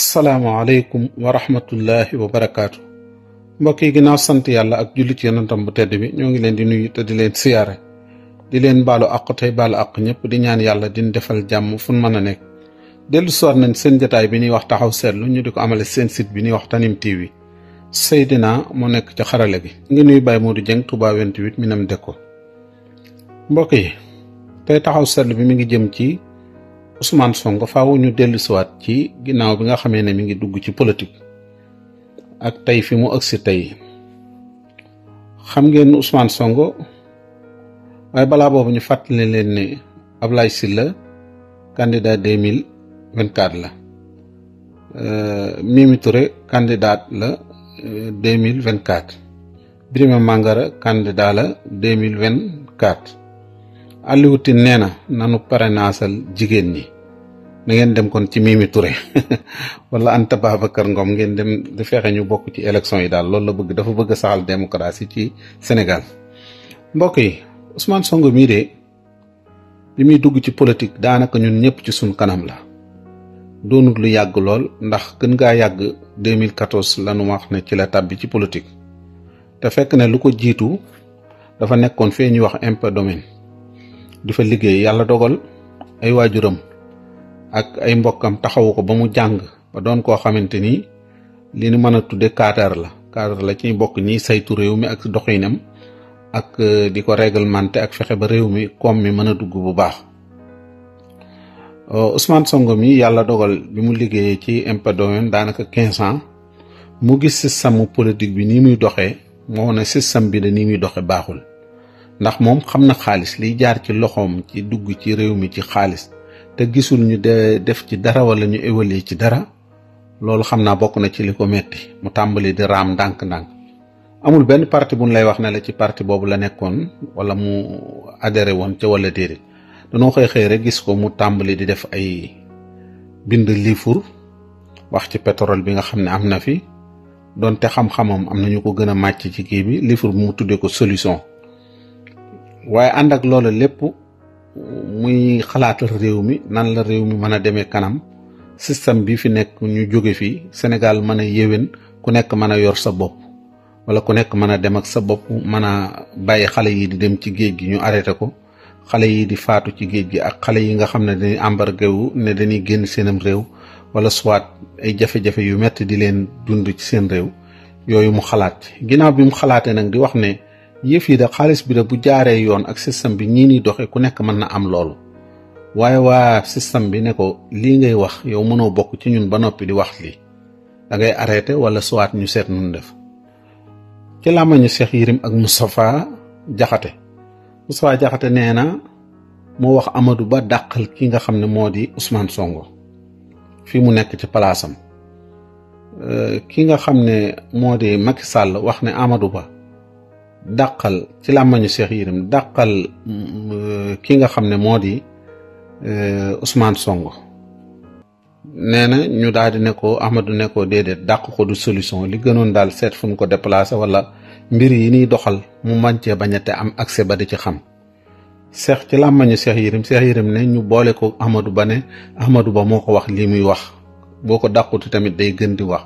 salaamaaleykum wa rahmatullahi wa barakaatu. mbokk yi ginnaaw sant yàlla ak jullit yonentam bu tedd bi ñoo ngi leen di nuyu te di leen siyaare di leen baalu àq tey baalu àq ñëpp di ñaan yàlla din defal jàmm fu mën a nekk. dellu soor nañ seen jataay bi ñuy wax taxaw seetlu ñu di ko amale seen site bi ñuy wax yi TV Seydina mu nekk ci xarale gi. ngi nuyu Baye di Dieng Touba 28 mi nam dëkk ko. yi tey taxaw seetlu bi mi ngi jëm ci. Ousmane Sonko faaw ñu dellusiwaat ci ginnaaw bi nga xamee ne mi ngi dugg ci politique ak tey fi mu agsi tey xam ngeen Ousmane Sonko waaye balaa boobu ñu fàttali leen ne Ablaye Sylla candidat deux mille vingt quatre la euh, Mimi Touré candidat la euh, deux mille vingt quatre Birima Mangara candidat la deux mille vingt quatre Aliou Tine nee na nanu parrainaasal jigéen ñi na ngeen dem kon ci Mimi Touré wala Anta Babacar Ngom ngeen dem di fexe ñu bokk ci élection yi daal loolu la bëgg dafa bëgg saxal démocratie ci senegal mbokk yi Ousmane songo mii de bi muy dugg ci politique daanaka ñun ñëpp ci suñ kanam la doonut lu yàgg lool ndax gën ngaa yàgg 2014 la nu wax ne ci la tàbbi ci politique te fekk ne lu ko jiitu dafa nekkoon fee ñuy wax impôt domaine di fa liggéey yàlla dogal ay waajuram ak ay mbokkam taxawu ko ba mu jàng ba doon koo xamante ni li ñu mën a tudde cadre la cadre la ci bokk nii saytu réew mi ak doxinam ak eh, di ko réglementé ak fexe ba réew mi koom mi mën a dugg bu baax euh, Ousmane Sonko mi yàlla dogal bi mu liggéeyee ci impôt daanaka quinze ans mu gis système politique bi nii muy doxee moo ne système bi de nii muy doxe baaxul ndax moom xam na xaalis liy jaar ci loxoom ci dugg ci réew mi ci xaalis te gisul ñu de def ci dara wala ñu évaluer ci dara loolu xam naa bokk na ci li ko metti mu tàmbali di raam ndànk-ndànk amul benn parti buñ lay wax ne la ci parti boobu la nekkoon wala mu adhéré woon ca walla déedéet danoo xëy xëy rek gis ko mu tàmbali di def ay bind liifur wax ci pétrole bi nga xam ne am na fi donte xam-xamam am na ñu ko gën a màcc ci kii bi liifur bi mu tuddee ko solution waaye ànd ak loola lépp muy xalaatal réew mi nan la réew mi mën a demee kanam système bi fi nekk ñu jóge fii Sénégal mën a yéwén ku nekk mën a yor sa bopp wala ku nekk mën a dem ak sa bopp mën a bàyyi xale yi di dem ci géej gi ñu arrêté ko xale yi di faatu ci géej gi ak xale yi nga xam ne dañuy embargué ne dañuy génn seenam réew wala soit ay jafe-jafe yu metti di leen dund ci seen réew yooyu mu xalaat ginnaaw bi mu xalaatee nag di wax ne yëf yi da xaalis bi da bu jaaree yoon ak système bi ñii ni doxee ku nekk mën na am loolu waaye waa système bi ne ko lii ngay wax yow mënoo bokk ci ñun ba noppi di wax lii da ngay arrêté wala soit ñu seet nun def ci làmmañu seex Yérim ak Moustapha Jaxate Moustapha Jaxate nee na moo wax Amadou Ba dàqal ki nga xam ne moo di Ousmane songo fi mu nekk ci palaasam euh, ki nga xam ne moo di Macky Sall wax ne Amadou Ba dàqal ci làmmañu seex Yérim dàqal euh, ki nga xam ne moo di euh, Ousmane Sonko nee na ñu daal di nekkoo ko nekkoo ne ko dàq ko du solution li gënoon daal seet fu ñu ko déplacé wala mbir yi ñuy doxal mu màncee bañ a te am accès ba di ci xam Cheikh ci làmmañu Cheikh Yérim Cheikh Yérim ne ñu boole ko Ahmadou Ba ne Ahmadou Ba moo ko wax lii muy wax boo ko dàqutu tamit day gën di wax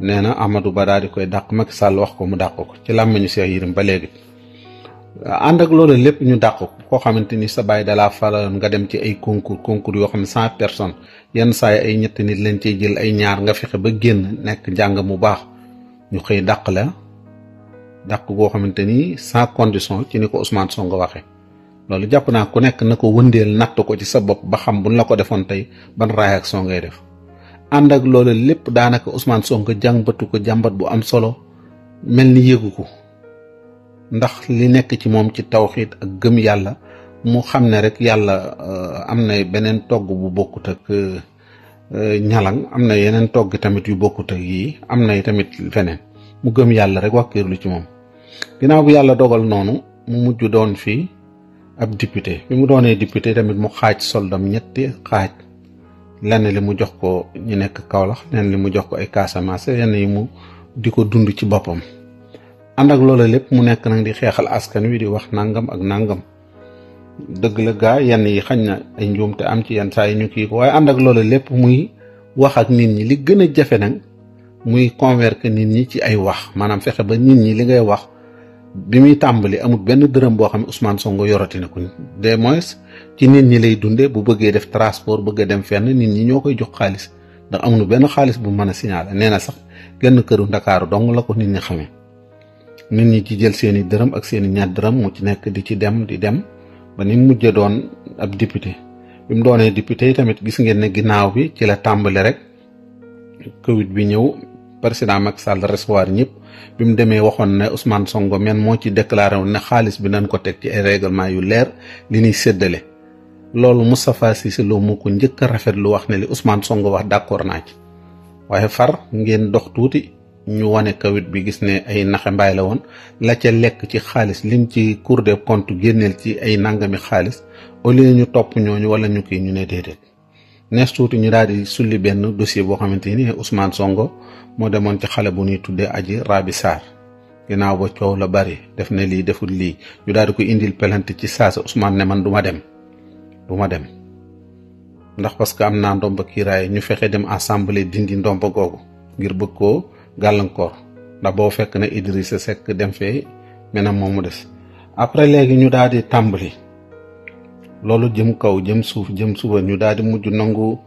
nee na Amadou Ba daal di koy dàq Macky Sall wax ko mu dàq ko ci làmmiñu Cheikh Yérim ba léegi ànd ak loolu lépp ñu dàq ko koo xamante ni sa bàyyi dalaa faraloon nga dem ci ay concours concours yoo xam ne cent personnes yenn saay ay ñetti nit leen ciy jël ay ñaar nga fexe ba génn nekk njàng mu baax ñu xëy dàq la dàq goo xamante ni sans condition ci ni ko Ousmane Sonko waxee loolu jàpp naa ku nekk na ko wëndeel natt ko ci sa bopp ba xam buñ la ko defoon tey ban réaction ngay ànd ak loole lépp daanaka Ousmane Sonko jàmbatu ko jàmbat bu am solo mel ni yëgu ko ndax li nekk ci moom ci tawxiit ak gëm yàlla mu xam ne rek yàlla euh, am na beneen togg bu bokkutek ak euh, ñalang am na yeneen togg tamit yu bokkut ak yii am na tamit feneen mu gëm yàlla rek wàkkiirlu ci moom ginnaaw bu yàlla dogal noonu mu mujj doon fi ab député bi mu doonee diputé tamit mu xaaj soldam ñetti xaaj lenn li mu jox ko ñu nekk Kaolack lenn li mu jox ko ay Casamance yenn yi mu di ko dund ci boppam ànd ak loola lépp mu nekk nag di xeexal askan wi di wax nangam ak nangam dëgg la gaa yenn yi xañ na ay njuumte am ci yenn saa yi ñu kii ko waaye ànd ak loola lépp muy wax ak nit ñi li gën a jafe nag muy convaincre nit ñi ci ay wax maanaam fexe ba nit ñi li ngay wax bi muy tàmbali amul benn dërëm boo xam ne Ousmane Sonko yorati na ko des ci nit ñi lay dundee bu bëggee def transport bëgg dem fenn nit ñi ñoo koy jox xaalis ndax amul benn xaalis bu mën a signaler nee na sax genn këru ndakaaru dong la ko nit ñi xamee. nit ñi ci jël seen i dërëm ak seeni ñaar dërëm mu ci nekk di ci dem di dem ba ni mujj doon ab député bi mu doonee député yi tamit gis ngeen ne ginnaaw bi ci la tàmbali rek Covid bi ñëw. président Macky Sall recevoir ñëpp bi mu demee waxoon na usmaan songo men moo ci déclaré woon ne xaalis bi nañ ko teg ci ay règlement yu leer li ñuy séddale loolu Moustapha si Lo moo ko njëkk rafet lu wax ne li Ousmane songo wax d'accord naa ci waaye far ngeen dox tuuti ñu wane kawit bi gis ne ay naxambaay la woon la ca lekk ci xaalis lim ci Cour des comptes génneel ci ay nangami xaalis au lieu ñu topp ñooñu wala ñu kii ñu ne déedéet nees tuuti ñu daal di sulli benn dossier boo xamante ni Ousmane songo moo demoon ci xale bu ñuy tuddee aji Rabi Sarr ginnaaw ba coow la bari def na lii deful lii ñu daal di ko indil plainte ci saa Ousmane ne man duma dem du ma dem ndax parce que am naa ndomba kiiraay ñu fexe dem assemblée dindi ndomba googu ngir bëgg koo gàllankoor ndax boo fekk na Idrissa Seck dem fee menam moomu des après léegi ñu daal tàmbali. loolu jëm kaw jëm suuf jëm suba ñu daal di mujj nangu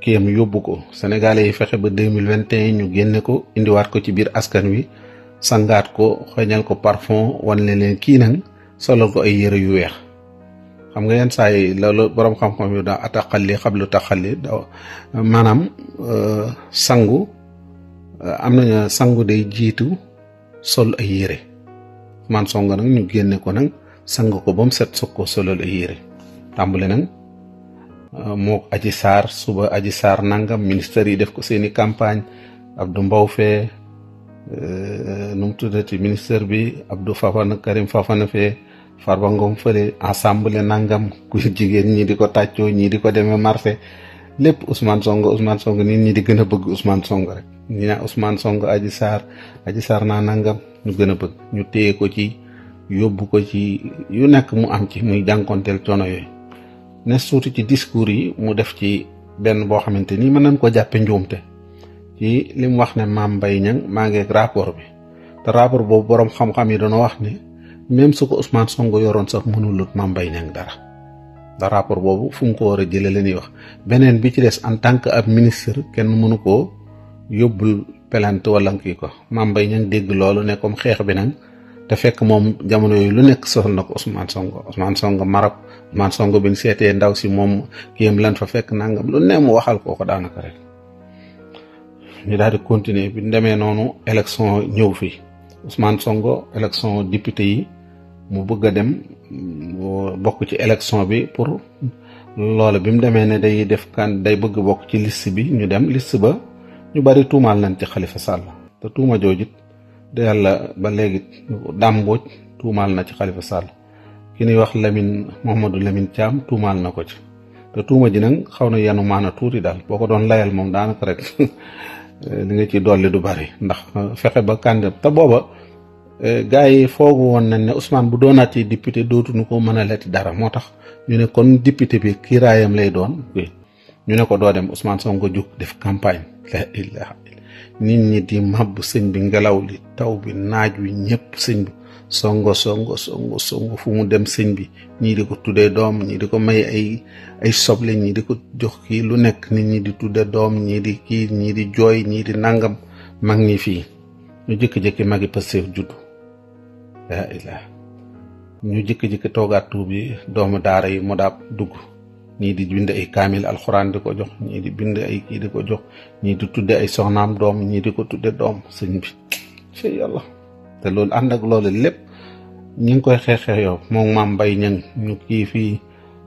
kiyam yóbbu ko sénégalais yi fexe ba deux mille vingt et un ñu génne ko indiwaat ko ci biir askan wi sangaat ko xëñal ko parfum wan leen leen kii nag solal ko ay yére yu weex xam nga yenn saay yi loolu boroom xam-xam yu daa ataxalli lu taxalli da maanaam euh, sangu euh, am nañu sangu day jiitu sol ay yére man song nag ñu génne ko nag sang ko ba mu set soog ko solal ay yére tàmbale nañ moo aji saar suba aji saar nangam ministère yi def ko seeni campagne Abdou Mbow fee euh, nu mu tuddati ministère bi ab du Fafana Karim Fafana fee Farba Ngom fële ensemble nangam ku jigéen ñii di ko tàccoo ñii di ko demee marché lépp Ousmane song Ousmane song nit ñii di gën a bëgg Ousmane Sonko rek ñi naa Ousmane Sonko aji saar aji saar naa nangam ñu gën a bëgg ñu téye ko ci yóbbu ko ci yu nekk mu am ci muy jànkonteel coono yooyu ne suuti ci discours yi mu def ci benn boo xamante ni mën nañ ko jàppe njuumte ci li mu wax ne maam mbay Niang maa ngeeg rapport bi te rapport boobu boroom xam-xam yi dañoo wax ne même su ko Ousmane Sonko yoroon sax mënulut maam Mbaye Niang dara te rapport boobu fu mu ko war a jëlee la ñuy wax beneen bi ci des en tant que ab ministre kenn mënu koo yóbbul pelante wala yi ko maam Mbaye Niang dégg loolu ne comme xeex bi nag te fekk moom jamono yooyu lu nekk soxal na ko Ousmane Sonko Ousmane songo marab Ousmane songo bi ñu seetee ndaw si moom kiyam lan fa fekk nangam lu ne mu waxal koo ko daanaka rek ñu daal di continuer bi ñu demee noonu élection ñëw fii Ousmane Sonko élection député yi mu bëgg a dem bokk ci élection bi pour loole bi mu demee ne day def kan day bëgg bokk ci list bi ñu dem list ba ñu bari tuumaal nañ ci xalifa Sall te tuuma joojit de yàlla ba léegi dàmbooj tuumaal na ci xalifa sàll ki ñuy wax moom Lamine Mouhamadou Lamine Thiam tuumaal na ko ci te tuuma ji nag xaw na yenu maana tuuti daal boo ko doon layal moom daanaka rek li nga ci dolli du bari ndax fexe ba candidat te booba eh, gars yi foogu woon nañ ne Ousmane bu doonaatee député dootuñu ko mën a leti dara moo tax ñu ne kon député bi kiiraayam lay doon ñu ne ko doo dem Ousmane Sonko jug def campagne nit ñi di màbb sëñ bi ngelaw li taw bi naaj wi ñépp sëñ bi songo songo songo songo fu mu dem sëñ bi ñii di ko tuddee doom ñii di ko may ay ay soble ñi di ko jox kii lu nekk nit ñi di tuddee doom ñii di kii ñii di jooy ñii di nangam mag ñi fii ñu jëkki-jëkki magi Pastef juddu ñu jëkki-jëkki toogaat tuub yi doomu daara yi mu daab dugg ñii di bind ay kaamil alxuraan di ko jox ñii di bind ay kii di ko jox ñii di tudde ay soxnaam doom ñii di ko tudde doom sëñ bi ci yàlla te loolu ànd ak loolu lépp ñi ngi koy xeexee yow moom mam mbay ñang ñu kii fii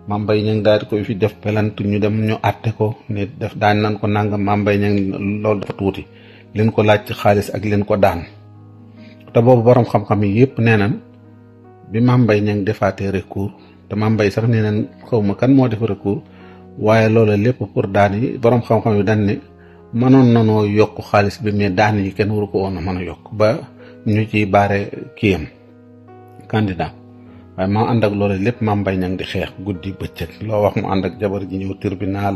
maam mbay ñang daal di koy fi def pelant ñu dem ñu àtte ko ne daan nan ko nangam maam mbay ñang loolu dafa tuuti leen ko laaj ci xaalis ak leen ko daan te boobu borom xam-xam yi yëpp nee nañ bi maam mbay ñang defaatee recours te maam Mbaye sax nee nañ xaw ma kan moo def recours waaye loola lépp pour daan yi borom xam-xam yi dañ ne mënoon nanoo yokk xaalis bi mais daan yi kenn waru ko woon a mën a yokk ba ñu ci baare kiyam candidat waaye maa ànd ak loola lépp maam Mbaye ñang di xeex guddi bëccëg loo wax mu ànd ak jabar ji ñëw tribunal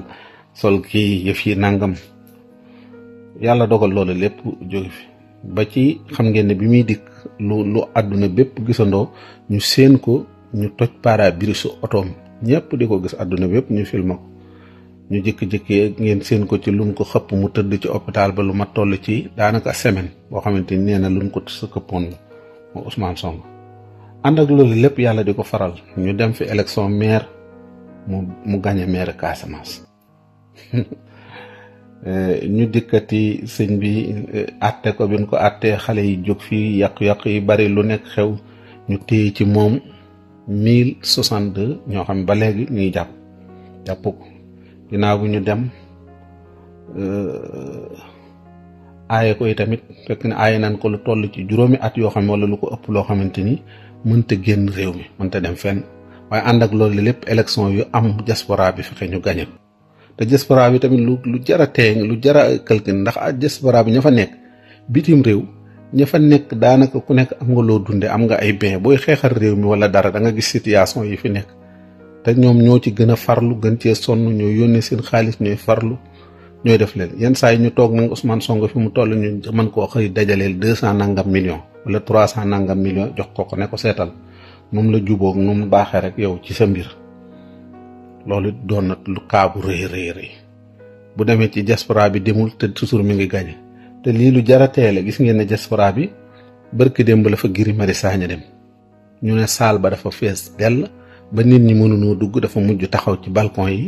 sol kii yëf yi nangam yàlla dogal loola lépp jóge fi ba ci xam ngeen ne bi muy dikk lu lu àdduna bépp gisandoo ñu seen ko ñu toj pare-birisu otoom ñëpp di ko gis àdduna bi yëpp ñu filma ko ñu jékki-jékki ngeen seen ko ci luñ ko xëpp mu tëdd ci hôpital ba lu ma toll ci daanaka semaine boo xamante ni nee na luñ ko sa këppoon la moo Ousmane Sonko ànd lépp yàlla di ko faral ñu dem fi élection maire mu mu gañe maire Casamance eh, ñu dikkati sëñ bi eh, àtte ko bin ko àttee xale yi jóg fii yàqu yàq yi bari lu nekk xew ñu téye ci moom mille soixante deux ñoo xam ne ba léegi ñuy jàpp jàpp ko ginnaaw bi ñu dem euh, aaye ko tamit fekk na aaye nañ ko lu toll ci juróomi at yoo xam ne wala lu ko ëpp loo xamante ni mënta génn réew mi mënte dem fenn waaye ànd ak loolu lépp élection yu am diaspora bi fexe ñu gañe ko te diaspora bi tamit lu lu jar a teeng lu jar a calcul ndax diaspora bi ñu fa nekk bitim réew. ña fa nekk daanaka ku nekk am nga loo dunde am nga ay bien booy xeexal réew mi wala dara da nga gis situation yi fi nekk te ñoom ñoo ci gën a farlu gën cee sonn ñoo yónnee seen xaalis ñooy farlu ñooy def leen yenn saa yi ñu toog nag Ousmane Sonko fi mu toll ñu man koo xëy dajaleel deux cent nangam million wala trois cent nangam million jox ko ko ne ko seetal moom la jubóog nu mu baaxee rek yow ci sa mbir loolu doon na lu kaabu rëy rëy rëy bu demee ci diaspora bi demul te toujours mi ngi gañe te lii lu jar a gis ngeen ne diaspora bi barki démb la fa Guy Marius dem ñu ne saal ba dafa fees dell ba nit ñi mënunoo dugg dafa mujj taxaw ci balcon yi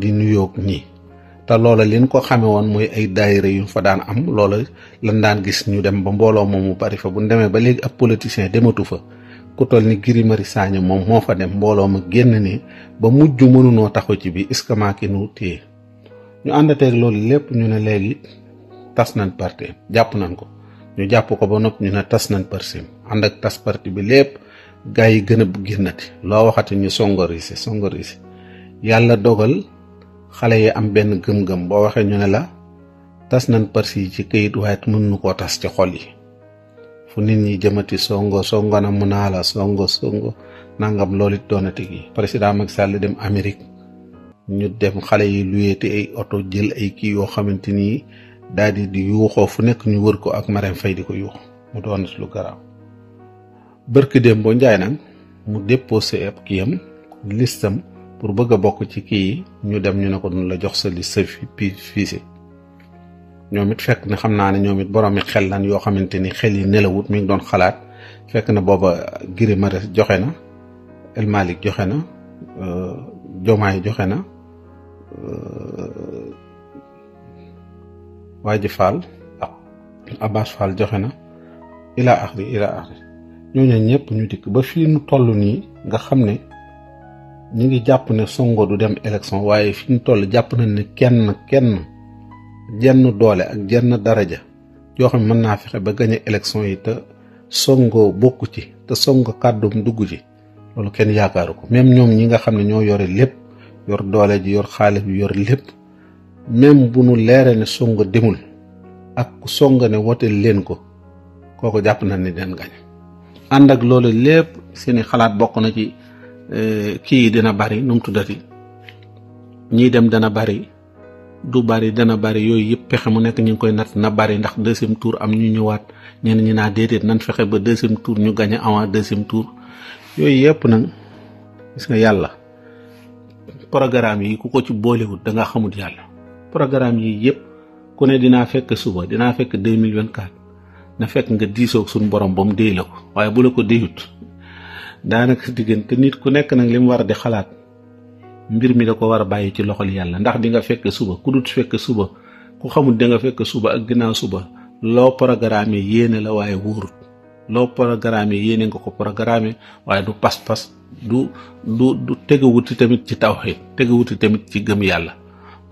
di nuyoog ñi te loola leen ko xame woon mooy ay daayira yu fa daan am loola lan daan gis ñu dem ba mbooloo moomu bari fa bu ñu demee ba léegi ab politicien dematu fa ku toll ni Guy Marius moom moo fa dem mbooloo ma génn ne ba mujj mënunoo taxaw ci bi iskamaa ki nu téye ñu àndateeg loolu lépp ñu ne léegi tas nañ parti jàpp nañ ko ñu jàpp ko ba noppi ñu ne tas nañ parti ànd ak tas parti bi lépp gaa yi gën a génnati loo waxati ñu songorise songorise yàlla dogal xale yi am benn gëm-gëm boo waxee ñu ne la tas nañ parti yi ci kayit waaye mën nu koo tas ci xol yi fu nit ñi jëmati songo songo na mu naa la songo songo nangam loolu it doonati gi président Macky Sall dem Amérique ñu dem xale yi luyeeti ay oto jël ay kii yoo xamante ni daal di di yuuxoo fu nekk ñu wër ko ak Marème fay di ko yuux mu doon lu garaaw bërki déem boo njaay nag mu déposé ab kiyam listam pour bëgg a bokk ci kii yi ñu dem ñu ne ko dun la jox sa liste fi fiise ñoom it fekk na xam naa ne ñoom it boroomi xel lan yoo xamante ni xel yi nelawut mi ngi doon xalaat fekk na booba Guy Marius joxe na El joxe na euh, Diomaye joxe na euh, waa ji Fall Abbas Fall joxe na ilaa axri ilaa axri ñooñu ñëpp ñu dikk ba fi nu toll nii nga xam ne ñu ngi jàpp ne Sonko du dem élection waaye fi ñu toll jàpp nañ ne kenn kenn jenn doole ak jenn daraja yoo xam mën naa fexe ba gañe élection yi te Sonko bokk ci te Sonko kàddum dugg ci loolu kenn yaakaaru ko même ñoom ñi nga xam ne ñoo yore lépp yor doole ji yor xaalis bi yore lépp même bu nu leeree ne songo demul ak ku ne woteel leen ko kooku jàpp na ni den gañ ànd ak loolu lépp seeni xalaat bokk na ci eh, kii yi dina bari nu mu tuddati ñii dem dana bari du bari dana bari yooyu yëpp pexe nekk ñu ngi koy natt na bari ndax deuxième tour am ñu ñëwaat ñenn ñi naa déedéet nan fexe ba deuxième tour ñu gañe avant deuxième tour yooyu yëpp nag gis nga yàlla programme yi ku ko ci boolewut danga nga xamut yàlla programme yii yëpp ku ne dinaa fekk suba dinaa fekk deux mille vingt quatre na fekk nga diisoog suñu borom ba mu déy la ko waaye bu la ko déyut daanaka diggante nit ku nekk nag li mu war di xalaat mbir mi da ko war a bàyyi ci loxol yàlla ndax di nga fekk suba ku dut fekk suba ku xamul di nga fekk suba ak ginnaaw suba loo programme yéene la waaye wóorut loo programme yéene nga ko programme waaye du pas-pas du du du tegawuti tamit ci tawxiid tegawuti tamit ci gëm yàlla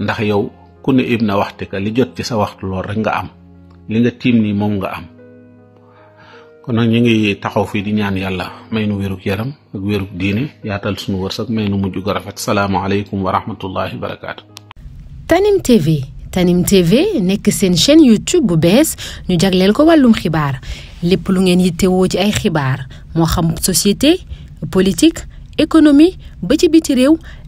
ndax yow ku ne ibna waxtika li jot ci sa waxtu lool rek nga am li nga tiim nii moom nga am kon nag ñu ngi taxaw fii di ñaan yàlla may nu wérug yaram ak wérug diine yaatal sunu wërsëg may nu mujj ko rafet salaamaaleykum wa rahmatullahi wa barakaatu. Tanim TV Tanim TV nekk seen chaîne YouTube bu bees ñu jagleel ko wàllum xibaar lépp lu ngeen yittewoo ci ay xibaar moo xam société politique économie ba ci biti réew.